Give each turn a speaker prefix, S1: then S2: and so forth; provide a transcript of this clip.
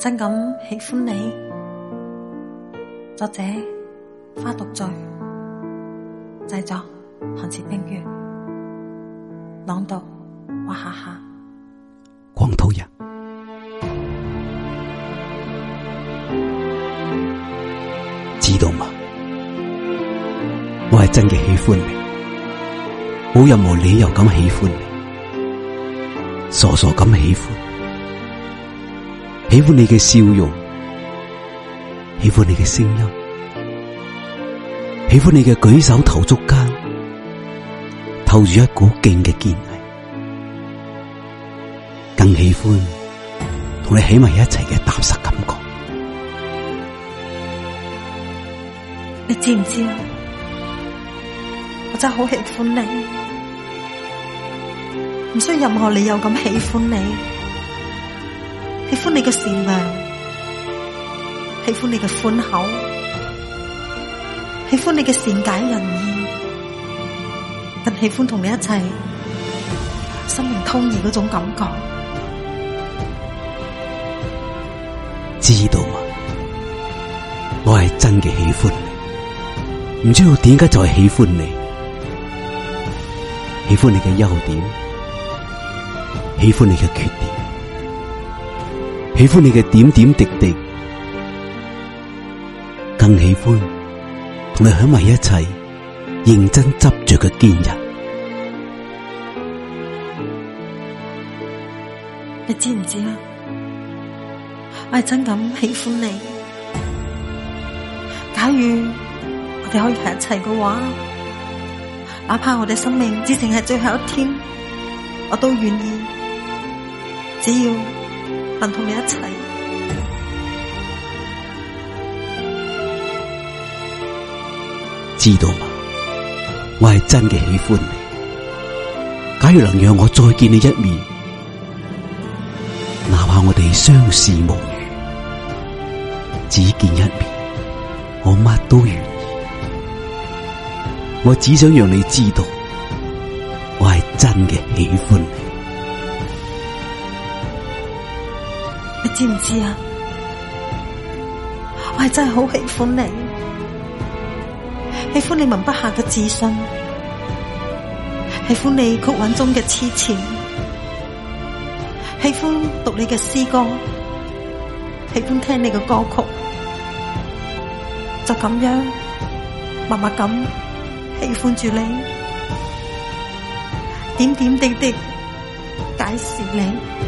S1: 真咁喜歡你，作者花獨醉，製作寒似冰月，朗讀哇哈哈，光土人
S2: 知道嗎？我係真嘅喜歡你，冇任何理由咁喜歡你，傻傻咁喜歡。喜歡你嘅笑容，喜歡你嘅聲音，喜歡你嘅舉手投足間透住一股勁嘅堅毅，更喜歡同你喺埋一齊嘅踏實感覺。
S1: 你知唔知啊？我真係好喜歡你，唔需要任何理由咁喜歡你。喜歡你嘅善良，喜歡你嘅寬厚，喜歡你嘅善解人意，更喜歡同你一齊心靈通意嗰種感覺。
S2: 知道嗎、啊？我係真嘅喜歡你，唔知道點解就係喜歡你，喜歡你嘅優點，喜歡你嘅缺點。喜歡你嘅點點滴滴，更喜歡同你喺埋一齊認真執着嘅堅韌。
S1: 你知唔知啊？我係真咁喜歡你。假如我哋可以喺一齊嘅話，哪怕我哋生命只剩係最後一天，我都願意。只要。能同你
S2: 一齊，知道嗎？我係真嘅喜歡你。假如能讓我再見你一面，哪怕我哋相視無語，只見一面，我乜都願意。我只想讓你知道，我係真嘅喜歡你。
S1: 你知唔知啊？我係真係好喜歡你，喜歡你文筆下嘅自信，喜歡你曲韻中嘅痴情，喜歡讀你嘅詩歌，喜歡聽你嘅歌曲，就咁樣默默咁喜歡住你，點點滴滴解釋你。